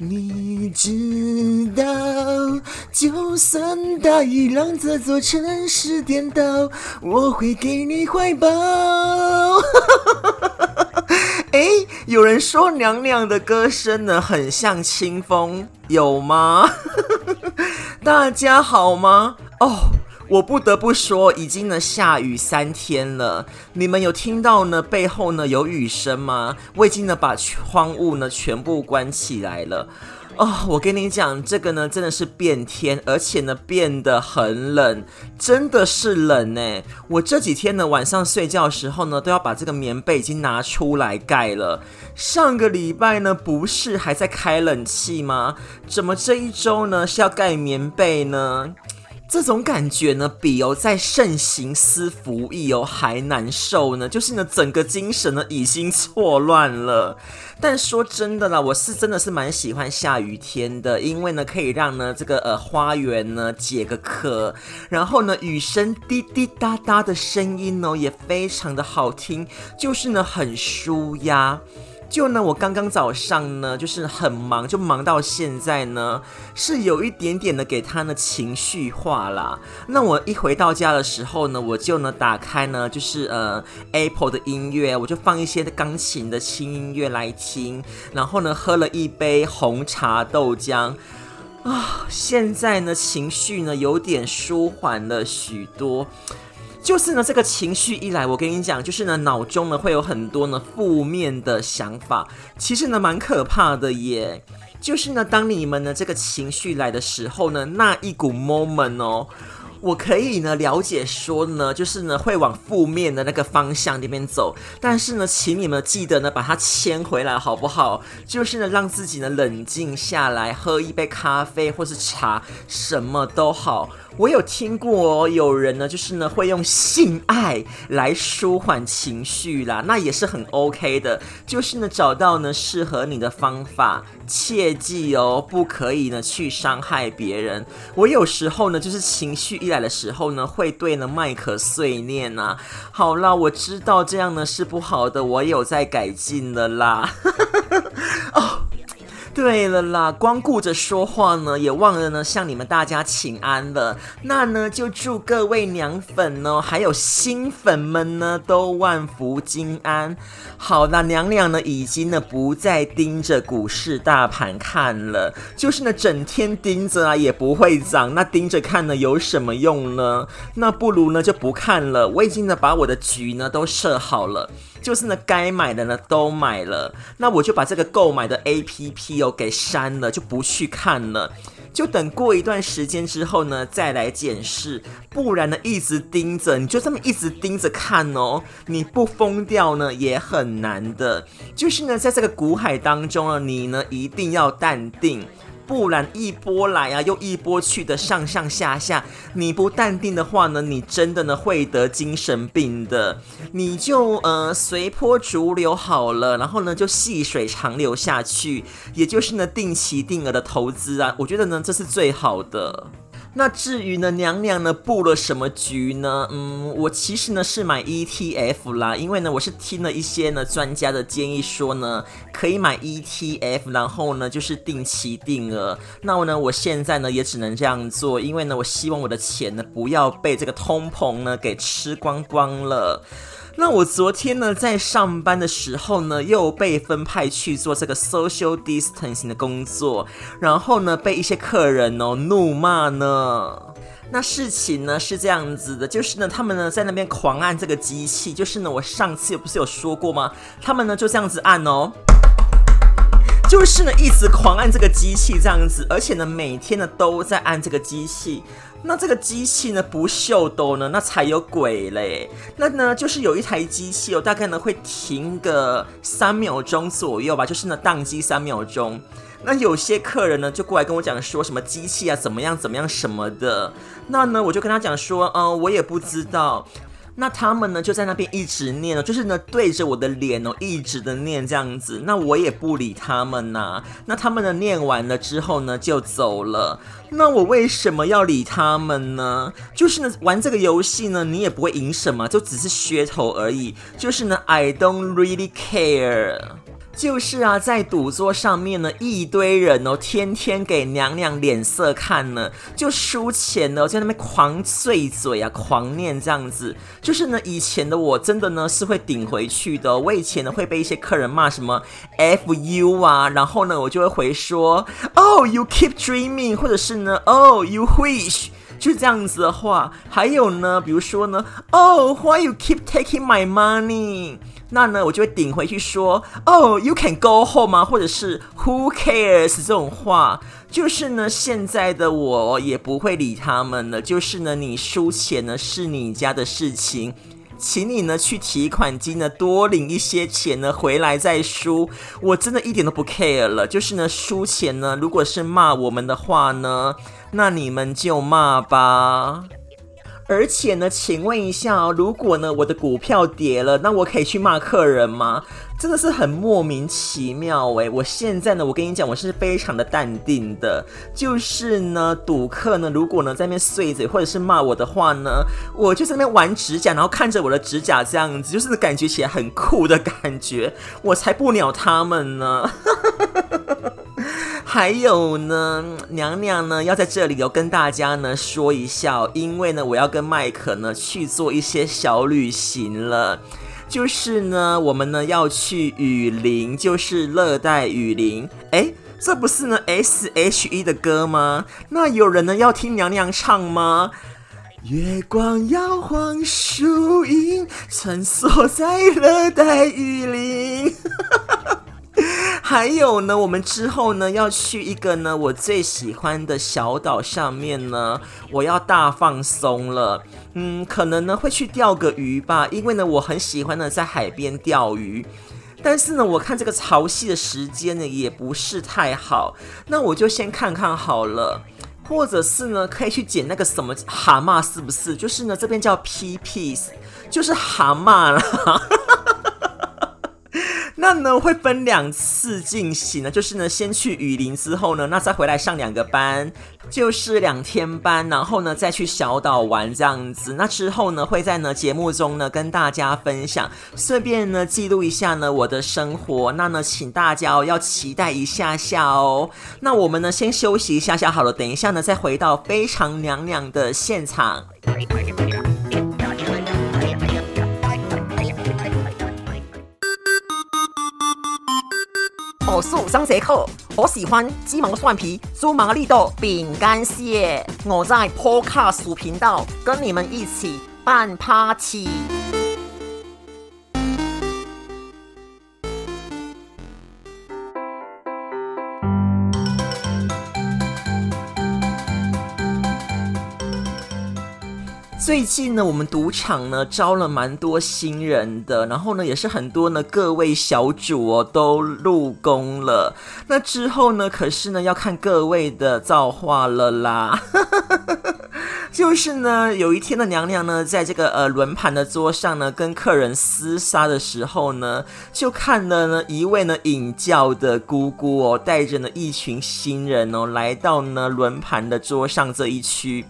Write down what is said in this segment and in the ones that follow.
你知道，就算大雨讓這座城市顛倒，我會給你懷抱。哎， 有人說娘娘的歌聲呢，很像清風，有嗎？ 大家好嗎？哦、oh.。我不得不說，已經呢下雨三天了。你們有聽到呢背後呢有雨聲嗎？我已經呢把窗戶呢全部關起來了。哦，我跟你講，這個呢真的是變天，而且呢變得很冷，真的是冷欸。我這幾天呢晚上睡覺的時候呢都要把這個棉被已經拿出來蓋了。上個禮拜呢不是還在開冷氣嗎？怎麼這一周呢是要蓋棉被呢？這種感覺呢，比哦在聖行私服役哦還難受呢。就是呢，整個精神呢已經錯亂了。但說真的啦，我是真的是蠻喜歡下雨天的，因為呢可以讓呢這個呃花園呢解個渴，然後呢雨聲滴滴答答的聲音呢、哦、也非常的好聽，就是呢很舒壓。就呢，我剛剛早上呢，就是很忙，就忙到現在呢，是有一點點的給他呢情緒化啦。那我一回到家的時候呢，我就呢打開呢，就是呃 Apple 的音樂，我就放一些鋼琴的輕音樂來聽，然後呢喝了一杯紅茶豆漿啊。呃，現在呢情緒呢有點舒緩了許多。就是呢，這個情緒一來，我跟你講，就是呢，腦中呢會有很多呢負面的想法，其實呢蠻可怕的耶。就是呢，當你們呢這個情緒來的時候呢，那一股 moment 哦。我可以呢了解說呢，就是呢會往負面的那個方向那邊走，但是呢，請你們記得呢把它牽回來好不好？就是呢讓自己呢冷靜下來，喝一杯咖啡或是茶，什麼都好。我有聽過哦，有人呢，就是呢會用性愛來舒緩情緒啦，那也是很 OK 的。就是呢找到呢適合你的方法，切記哦，不可以呢去傷害別人。我有時候呢就是情緒一，來的時候呢，會對呢麥克碎念吶、啊。好啦，我知道這樣呢是不好的，我有在改進的啦。 哦對了啦，光顧着說話呢，也忘了呢向你們大家請安了。那呢就祝各位娘粉呢、哦，還有新粉們呢都萬福金安。好啦，娘娘呢已經呢不再盯着股市大盤看了，就是呢整天盯着啊也不會漲，那盯着看呢有什麼用呢？那不如呢就不看了。我已經呢把我的局呢都設好了。就是呢，該買的呢都買了，那我就把這個購買的 APP 哦給刪了，就不去看了，就等過一段時間之後呢再來檢視，不然呢一直盯着，你就這麼一直盯着看哦，你不瘋掉呢也很難的。就是呢，在這個股海當中呢，你呢一定要淡定。不然一波來啊，又一波去的上上下下，你不淡定的話呢，你真的呢會得精神病的。你就呃隨波逐流好了，然後呢就細水長流下去，也就是呢定期定額的投資啊，我覺得呢這是最好的。那至於呢，娘娘呢佈了什麼局呢？嗯，我其實呢是買 ETF 啦，因為呢我是聽了一些呢專家的建議，說呢可以買 ETF，然後呢就是定期定額。那我呢，我現在呢也只能這樣做，因為呢我希望我的錢呢不要被這個通膨呢給吃光光了。那我昨天呢，在上班的時候呢，又被分派去做這個 social distancing 的工作，然後呢，被一些客人哦怒罵呢。那事情呢是這樣子的，就是呢，他們呢在那邊狂按這個機器，就是呢，我上次不是有說過嗎？他們呢就這樣子按哦。就是呢，一直狂按這個機器這樣子，而且呢，每天呢都在按這個機器。那這個機器呢不秀逗呢，那才有鬼嘞。那呢，就是有一台機器，哦，大概呢會停個三秒鐘左右吧，就是呢宕機三秒鐘。那有些客人呢就過來跟我講說什麼機器啊怎麼樣怎麼樣什麼的。那呢，我就跟他講說，嗯、哦，我也不知道。那他們呢，就在那邊一直念哦，就是呢，對着我的臉哦，一直的念這樣子。那我也不理他們吶。那他們呢念完了之後呢，就走了。那我為什麼要理他們呢？就是呢，玩這個遊戲呢，你也不會贏什麼，就只是噱頭而已。就是呢，I don't really care。就是啊，在賭桌上面呢，一堆人哦，天天給娘娘臉色看呢，就輸錢呢，在那邊狂碎嘴啊，狂念這樣子。就是呢，以前的我真的呢是會頂回去的哦。我以前呢會被一些客人罵什麼 “F U” 啊，然後呢我就會回說 “oh you keep dreaming” 或者是呢 “oh you wish”，就是這樣子的話。還有呢，比如說呢 “oh why you keep taking my money”。那呢，我就會頂回去說，哦，oh，you can go home 嗎，或者是 who cares 這種話，就是呢，現在的我也不會理他們了，就是呢，你輸錢呢是你家的事情，請你呢去提款機呢多領一些錢呢回來再輸，我真的一點都不 care 了，就是呢，輸錢呢，如果是罵我們的話呢，那你們就罵吧。而且呢，請問一下哦，如果呢我的股票跌了，那我可以去罵客人嗎？真的是很莫名其妙哎、欸！我現在呢，我跟你講，我是非常的淡定的，就是呢賭客呢，如果呢在那邊碎嘴或者是罵我的話呢，我就在那邊玩指甲，然後看着我的指甲這樣子，就是感覺起來很酷的感覺，我才不鳥他們呢。 還有呢，娘娘呢要在這裡有、哦、跟大家呢說一下、哦，因為呢我要跟麥克呢去做一些小旅行了，就是呢我們呢要去雨林，就是熱帶雨林。哎、欸，這不是呢 S H E 的歌嗎？那有人呢要聽娘娘唱嗎？月光搖晃樹影，穿梭在熱帶雨林。 還有呢，我們之後呢要去一個呢我最喜歡的小島上面呢，我要大放鬆了。嗯，可能呢會去釣個魚吧，因為呢我很喜歡呢在海邊釣魚。但是呢我看這個潮汐的時間呢也不是太好，那我就先看看好了。或者是呢可以去撿那個什麼蛤蟆，是不是？就是呢這邊叫屁屁，P、S, 就是蛤蟆啦。 那呢會分兩次進行呢，就是呢先去雨林之後呢，那再回來上兩個班，就是兩天班，然後呢再去小島玩這樣子。那之後呢會在呢節目中呢跟大家分享，順便呢記錄一下呢我的生活。那呢請大家、哦、要期待一下下哦。那我們呢先休息一下下好了，等一下呢再回到非常娘娘的現場。我是張杰克，我喜歡雞毛蒜皮、豬毛綠豆、餅乾屑。我在 Podcast 頻道跟你們一起辦 Party。最近呢，我們賭場呢招了蠻多新人的，然後呢也是很多呢各位小主哦都入宮了。那之後呢，可是呢要看各位的造化了啦。 就是呢有一天的娘娘呢在這個呃輪盤的桌上呢跟客人廝殺的時候呢，就看了呢一位呢引教的姑姑哦帶着呢一群新人哦來到呢輪盤的桌上這一區。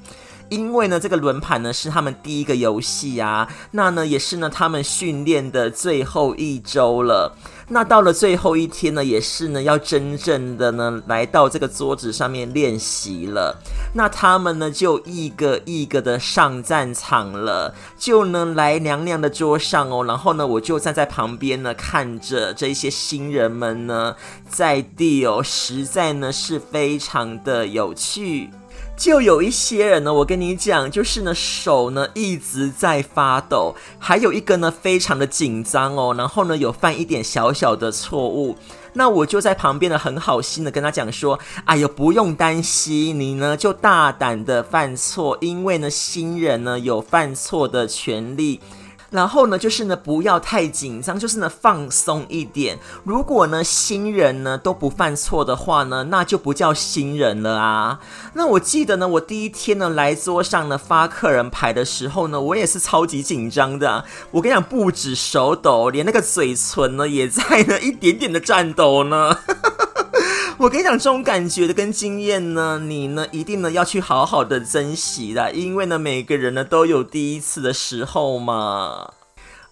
因為呢，這個輪盤呢是他們第一個遊戲啊。那呢，也是呢他們訓練的最後一周了。那到了最後一天呢，也是呢要真正的呢來到這個桌子上面練習了。那他們呢就一個一個的上戰場了，就能來娘娘的桌上哦。然後呢，我就站在旁邊呢看着這些新人們呢在地哦，實在呢是非常的有趣。就有一些人呢，我跟你講，就是呢，手呢一直在發抖，還有一個呢，非常的緊張哦，然後呢，有犯一點小小的錯誤，那我就在旁邊呢很好心的跟他講說，哎呦，不用擔心，你呢就大膽的犯錯，因為呢，新人呢有犯錯的權利。然後呢，就是呢，不要太緊張，就是呢，放鬆一點。如果呢，新人呢都不犯錯的話呢，那就不叫新人了啊。那我記得呢，我第一天呢來桌上呢發客人牌的時候呢，我也是超級緊張的啊。我跟你講，不止手抖，連那個嘴唇呢也在呢一點點的顫抖呢。 我跟你講，這種感覺的跟經驗呢，你呢一定呢要去好好的珍惜啦，因為呢每個人呢都有第一次的時候嘛。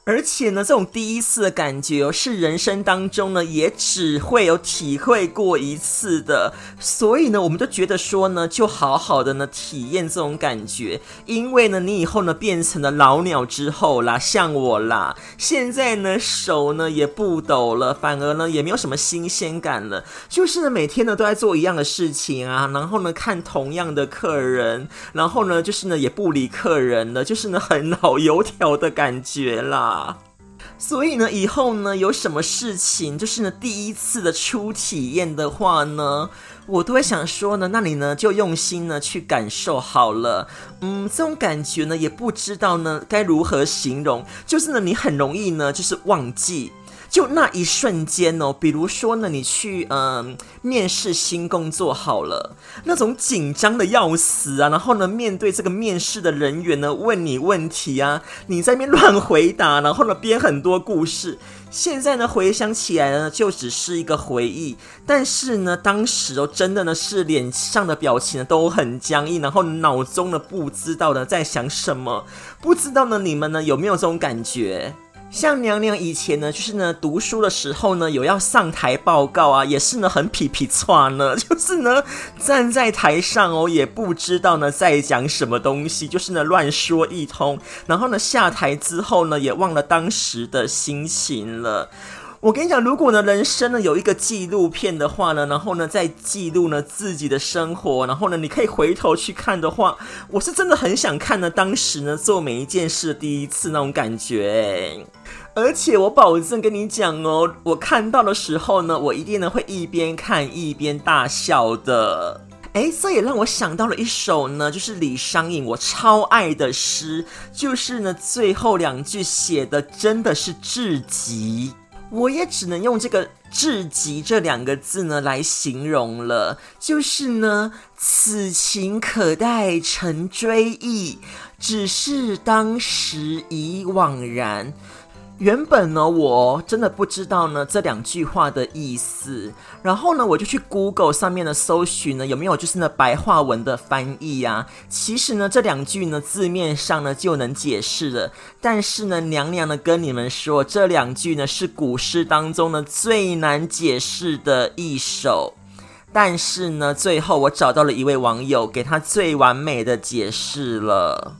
而且呢，這種第一次的感覺哦，是人生當中呢也只會有體會過一次的，所以呢，我們都覺得說呢，就好好的呢體驗這種感覺，因為呢，你以後呢變成了老鳥之後啦，像我啦，現在呢手呢也不抖了，反而呢也沒有什麼新鮮感了，就是呢每天呢都在做一樣的事情啊，然後呢看同樣的客人，然後呢就是呢也不理客人了，就是呢很老油條的感覺啦。所以呢，以後呢，有什麼事情，就是呢，第一次的初體驗的話呢，我都會想說呢，那你呢，就用心呢去感受好了。嗯，這種感覺呢，也不知道呢該如何形容，就是呢，你很容易呢，就是忘記。就那一瞬間哦，比如說呢，你去嗯、呃、面試新工作好了，那種緊張的要死啊！然後呢，面對這個面試的人員呢，問你問題啊，你在那邊亂回答，然後呢編很多故事。現在呢回想起來呢，就只是一個回憶，但是呢當時哦真的呢是臉上的表情呢都很僵硬，然後腦中的不知道呢在想什麼，不知道呢你們呢有沒有這種感覺？像娘娘以前呢，就是呢讀書的時候呢，有要上台報告啊，也是呢很皮皮剉了，就是呢站在台上哦，也不知道呢在講什麼東西，就是呢亂說一通，然後呢下台之後呢也忘了當時的心情了。我跟你講，如果呢人生呢有一個紀錄片的話呢，然後呢再記錄呢自己的生活，然後呢你可以回頭去看的話，我是真的很想看呢當時呢做每一件事的第一次那種感覺。哎，而且我保證跟你講哦，我看到的時候呢，我一定呢會一邊看一邊大笑的。誒，這也讓我想到了一首呢，就是李商隱，我超愛的詩，就是呢最後兩句寫的真的是至極。我也只能用這個“至極”這兩個字呢來形容了，就是呢，此情可待成追憶，只是當時已惘然。原本呢，我真的不知道呢這兩句話的意思。然後呢，我就去 Google 上面的搜尋呢有沒有就是那白話文的翻譯啊？其實呢，這兩句呢字面上呢就能解釋了。但是呢，娘娘呢跟你們說，這兩句呢是古詩當中呢最難解釋的一首。但是呢，最後我找到了一位網友，給他最完美的解釋了。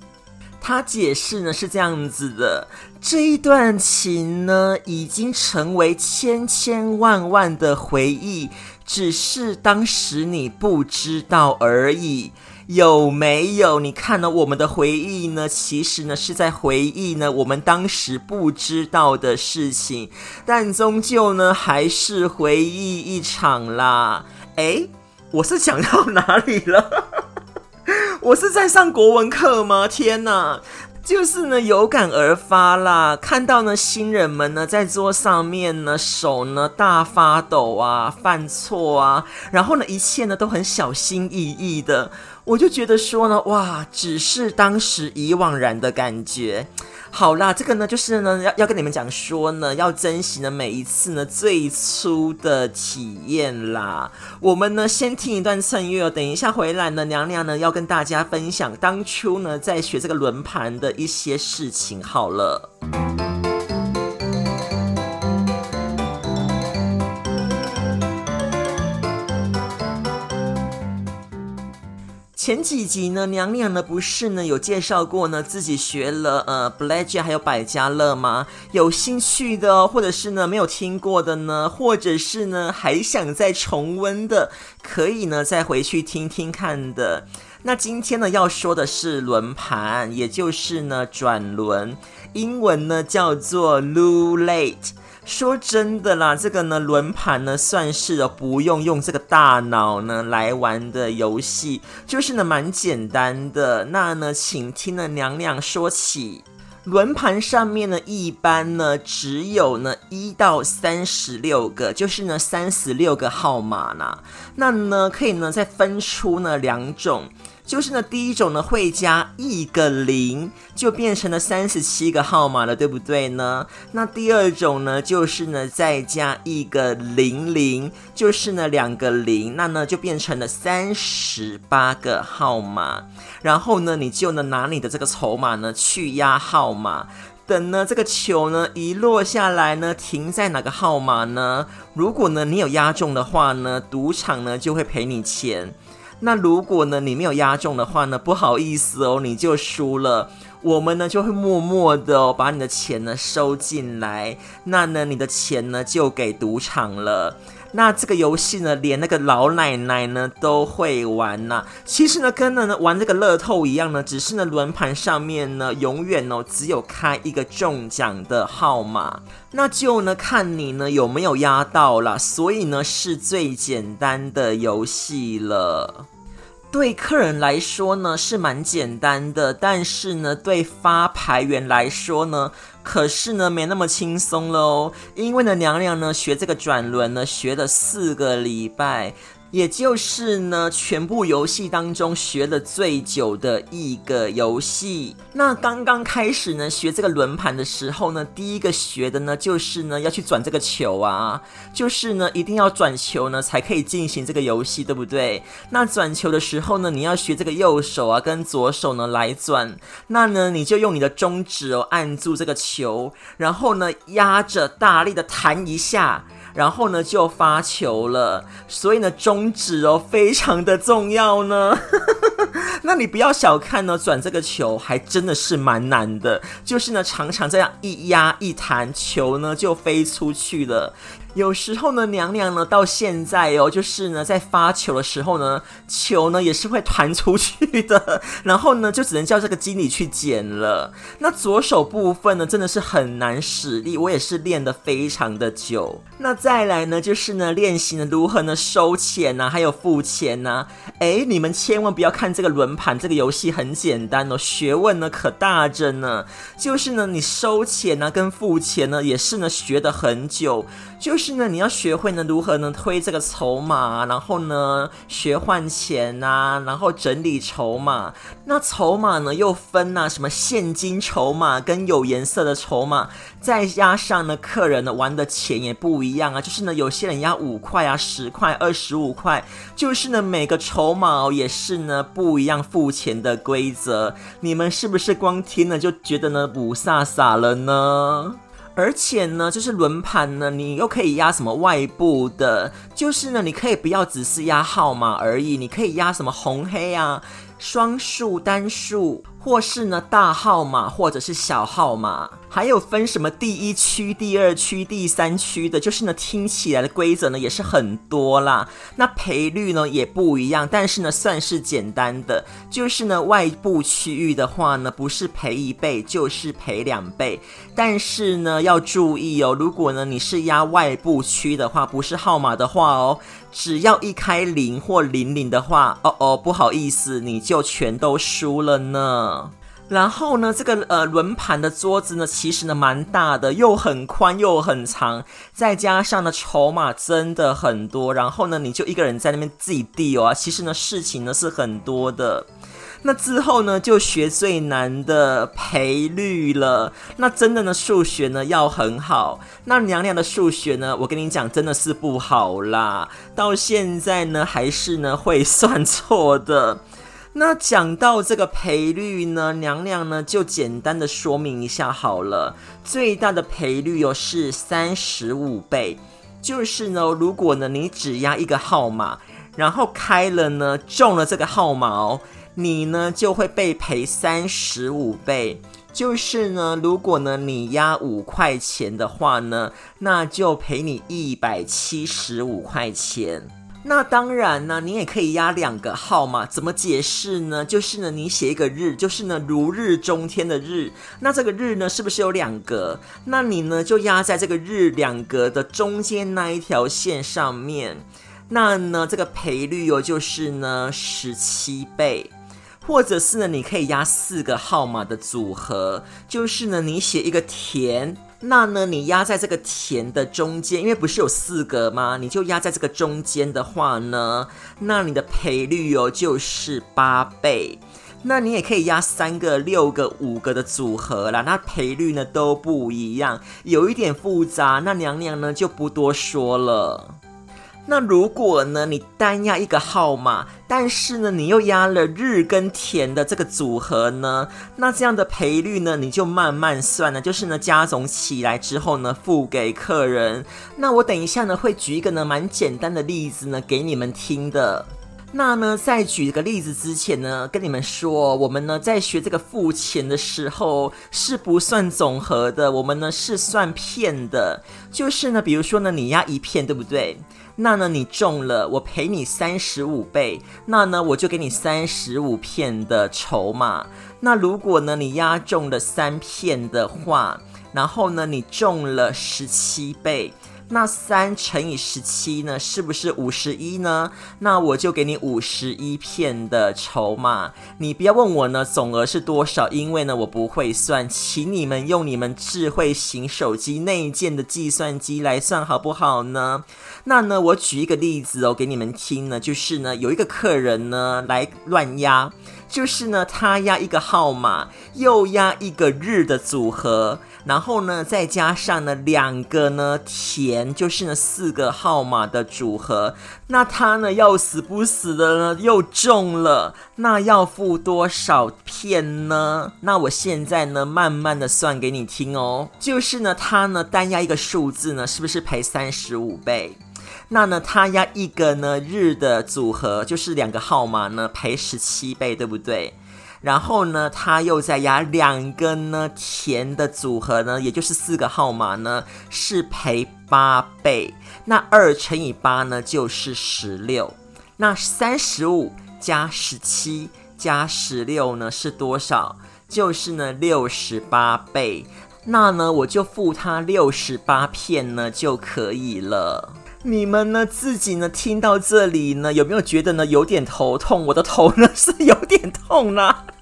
他解釋呢是這樣子的。這一段情呢，已經成為千千萬萬的回憶，只是當時你不知道而已，有沒有？你看了我們的回憶呢，其實呢是在回憶呢我們當時不知道的事情，但終究呢還是回憶一場啦。哎，我是講到哪裡了？ 我是在上國文課嗎？天哪！就是呢，有感而發啦。看到呢，新人們呢在桌上面呢，手呢大發抖啊，犯錯啊，然後呢，一切呢都很小心翼翼的，我就覺得說呢，哇，只是當時已惘然的感覺。好啦，這個呢，就是呢，要要跟你們講說呢，要珍惜呢每一次呢最初的體驗啦。我們呢先聽一段襯樂，等一下回來呢，娘娘呢要跟大家分享當初呢在學這個輪盤的一些事情。好了。前幾集呢，娘娘呢不是呢有介紹過呢自己學了呃 Blackjack 還有百家樂嗎？有興趣的、哦、或者是呢沒有聽過的呢，或者是呢還想再重溫的，可以呢再回去聽聽看的。那今天呢要說的是輪盤，也就是呢轉輪，英文呢叫做 roulette。說真的啦，這個呢輪盤呢算是不用用這個大腦呢來玩的遊戲，就是呢蠻簡單的。那呢請聽呢娘娘說起，輪盤上面呢一般呢只有呢一到三十六個，就是呢三十六個號碼啦。那呢可以呢再分出呢兩種。就是呢，第一種呢會加一個零，就變成了三十七個號碼了，對不對呢？那第二種呢，就是呢再加一個零零，就是呢兩個零，那呢就變成了三十八個號碼。然後呢，你就能拿你的這個籌碼呢去押號碼，等呢這個球呢一落下來呢停在哪個號碼呢？如果呢你有押中的話呢，賭場呢就會賠你錢。那如果呢，你沒有押中的話呢，不好意思哦，你就輸了。我們呢就會默默的哦，把你的錢呢收進來。那呢，你的錢呢就給賭場了。那這個遊戲呢，連那個老奶奶呢都會玩吶、啊。其實呢，跟呢玩這個樂透一樣呢，只是呢，輪盤上面呢永遠哦只有開一個中獎的號碼，那就呢看你呢有沒有壓到啦。所以呢，是最簡單的遊戲了。對客人來說呢是蠻簡單的，但是呢對發牌員來說呢，可是呢沒那麼輕鬆咯，因為呢娘娘呢學這個轉輪呢學了四個禮拜。也就是呢，全部遊戲當中學了最久的一個遊戲。那剛剛開始呢，學這個輪盤的時候呢，第一個學的呢，就是呢要去轉這個球啊，就是呢一定要轉球呢，才可以進行這個遊戲，對不對？那轉球的時候呢，你要學這個右手啊跟左手呢來轉。那呢，你就用你的中指哦按住這個球，然後呢壓着大力的彈一下。然後呢，就發球了。所以呢，中指哦，非常的重要呢。 那你不要小看呢、哦，轉這個球還真的是蠻難的。就是呢，常常這樣一壓一彈，球呢就飛出去了。有時候呢，娘娘呢，到現在哦，就是呢，在發球的時候呢，球呢也是會彈出去的，然後呢，就只能叫這個經理去撿了。那左手部分呢，真的是很難使力，我也是練得非常的久。那再來呢，就是呢，練習呢如何呢收錢吶、啊，還有付錢吶、啊。誒，你們千萬不要看這個輪盤這個遊戲很簡單哦，學問呢可大着呢、啊。就是呢，你收錢吶、啊、跟付錢呢，也是呢學得很久。就是呢，你要學會呢如何呢，推這個籌碼，然後呢學換錢啊，然後整理籌碼。那籌碼呢又分哪、啊，什麼現金籌碼跟有顏色的籌碼，再加上呢客人呢玩的錢也不一樣啊。就是呢有些人要五塊啊、十塊、二十五塊，就是呢每個籌碼也是呢不一樣付錢的規則。你們是不是光聽了就覺得呢霧煞煞了呢？而且呢，就是輪盤呢，你又可以壓什麼外部的，就是呢，你可以不要只是壓號碼而已，你可以壓什麼紅黑啊，雙數單數。或是呢大號碼或者是小號碼，還有分什麼第一區、第二區、第三區的，就是呢聽起來的規則呢也是很多啦。那賠率呢也不一樣，但是呢算是簡單的，就是呢外部區域的話呢不是賠一倍就是賠兩倍，但是呢要注意哦，如果呢你是壓外部區的話，不是號碼的話哦，只要一開零或零零的話，哦哦不好意思，你就全都輸了呢。然後呢，這個呃輪盤的桌子呢，其實呢蠻大的，又很寬又很長，再加上呢籌碼真的很多。然後呢，你就一個人在那邊自己丟啊。其實呢，事情呢是很多的。那之後呢，就學最難的賠率了。那真的呢，數學呢要很好。那娘娘的數學呢，我跟你講，真的是不好啦。到現在呢，還是呢會算錯的。那講到這個賠率呢，娘娘呢就簡單的說明一下好了。最大的賠率哦是三十五倍，就是呢，如果呢你只押一個號碼，然後開了呢中了這個號碼哦，你呢就會被賠三十五倍。就是呢，如果呢你押五塊錢的話呢，那就賠你一百七十五塊錢。那當然呢，你也可以壓兩個號碼，怎麼解釋呢？就是呢，你寫一個日，就是呢，如日中天的日，那這個日呢，是不是有兩格？那你呢，就壓在這個日兩格的中間那一條線上面。那呢，這個賠率哦，就是呢，十七倍，或者是呢，你可以壓四個號碼的組合，就是呢，你寫一個田。那呢，你壓在這個田的中間，因為不是有四格嗎？你就壓在這個中間的話呢，那你的賠率哦，就是八倍。那你也可以壓三個、六個、五個的組合啦。那賠率呢都不一樣，有一點複雜。那娘娘呢就不多說了。那如果呢，你單押一個號碼，但是呢，你又押了日跟田的這個組合呢，那這樣的賠率呢，你就慢慢算了，就是呢加總起來之後呢付給客人。那我等一下呢會舉一個呢蠻簡單的例子呢給你們聽的。那呢在舉這個例子之前呢，跟你們說，我們呢在學這個付錢的時候是不算總和的，我們呢是算片的。就是呢，比如說呢，你壓一片，對不對？那呢，你中了，我賠你三十五倍。那呢，我就給你三十五片的籌碼。那如果呢，你壓中了三片的話，然後呢，你中了十七倍。那三乘以十七呢，是不是五十一呢？那我就給你五十一片的籌碼。你不要問我呢，總額是多少，因為呢我不會算，請你們用你們智慧型手機內建的計算機來算好不好呢？那呢我舉一個例子哦給你們聽呢，就是呢有一個客人呢來亂壓，就是呢他壓一個號碼又壓一個日的組合。然後呢，再加上呢兩個呢田，就是呢四個號碼的組合。那他呢要死不死的呢又中了，那要付多少片呢？那我現在呢慢慢的算給你聽哦。就是呢他呢單押一個數字呢，是不是賠三十五倍？那呢他押一個呢日的組合，就是兩個號碼呢賠十七倍，對不對？然後呢，他又在押兩根呢，甜的組合呢，也就是四個號碼呢，是賠八倍。那二乘以八呢，就是十六。那三十五加十七加十六呢，是多少？就是呢，六十八倍。那呢，我就付他六十八片呢，就可以了。你們呢？自己呢？聽到這裡呢，有沒有覺得呢，有點頭痛？我的頭呢是有點痛啦、啊。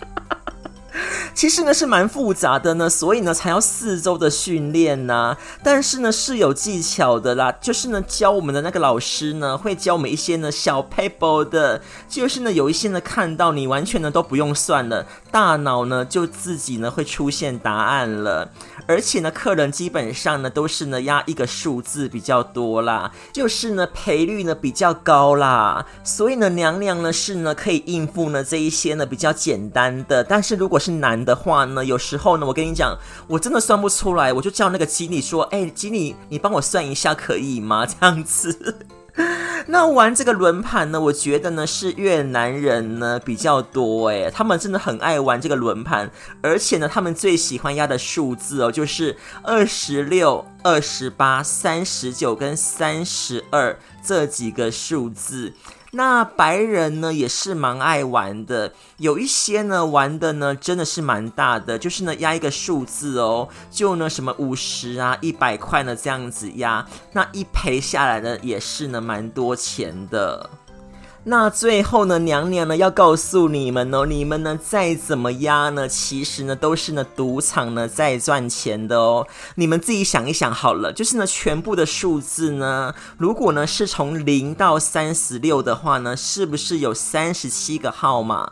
其實呢是蠻複雜的呢，所以呢才要四周的訓練吶、啊。但是呢是有技巧的啦，就是呢教我們的那個老師呢會教我們一些呢小 paper 的，就是呢有一些呢看到你完全呢都不用算了，大腦呢就自己呢會出現答案了。而且呢，客人基本上呢都是呢押一個數字比較多啦，就是呢賠率呢比較高啦，所以呢娘娘呢是呢可以應付呢這一些呢比較簡單的，但是如果是難的話呢，有時候呢我跟你講，我真的算不出來，我就叫那個經理說，哎、欸，經理你幫我算一下可以嗎？這樣子。 那玩這個輪盤呢，我覺得呢是越南人呢比較多誒、欸，他們真的很愛玩這個輪盤，而且呢他們最喜歡押的數字哦，就是二十六、二十八、三十九跟三十二這幾個數字。那白人呢，也是蠻愛玩的，有一些呢玩的呢，真的是蠻大的，就是呢壓一個數字哦，就呢什麼五十啊、一百塊呢這樣子壓，那一賠下來呢，也是呢蠻多錢的。那最後呢，娘娘呢要告訴你們哦，你們呢再怎麼押呢，其實呢都是呢賭場呢在賺錢的哦。你們自己想一想好了，就是呢全部的數字呢，如果呢是從零到三十六的話呢，是不是有三十七個號碼？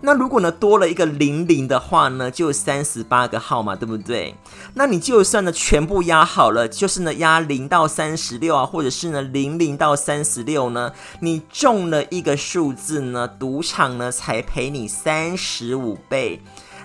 那如果呢多了一個零零的話呢，就三十八個號碼，對不對？那你就算呢全部壓好了，就是呢壓零到三十六啊，或者是呢零零到三十六呢，你中了一個數字呢，賭場呢才賠你三十五倍，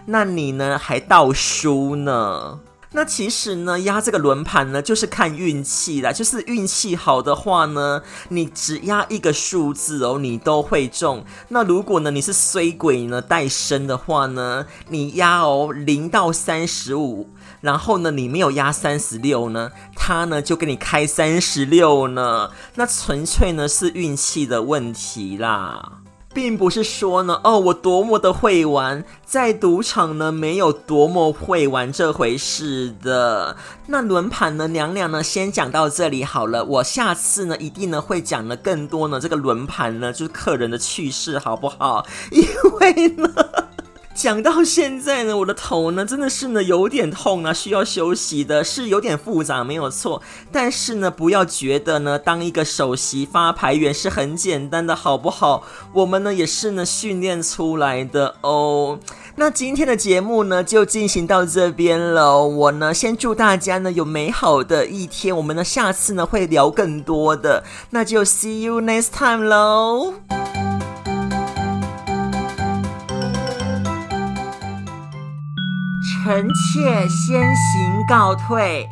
那你呢還倒輸呢？那其實呢，壓這個輪盤呢，就是看運氣啦。就是運氣好的話呢，你只壓一個數字哦，你都會中。那如果呢，你是衰鬼呢，帶身的話呢，你壓哦零到三十五，然後呢，你沒有壓三十六呢，他呢就給你開三十六呢。那純粹呢是運氣的問題啦。並不是說呢，哦，我多麼的會玩，在賭場呢沒有多麼會玩這回事的。那輪盤呢，娘娘呢，先講到這裡好了，我下次呢一定呢會講的更多呢，這個輪盤呢，就是客人的趣事，好不好？因為呢。講到現在呢，我的頭呢真的是呢有點痛啊，需要休息的，是有點複雜，沒有錯。但是呢，不要覺得呢當一個首席發牌員是很簡單的，好不好？我們呢也是呢訓練出來的哦。那今天的節目呢就進行到這邊了，我呢先祝大家呢有美好的一天。我們呢下次呢會聊更多的，那就 see you next time 嘍。臣妾先行告退。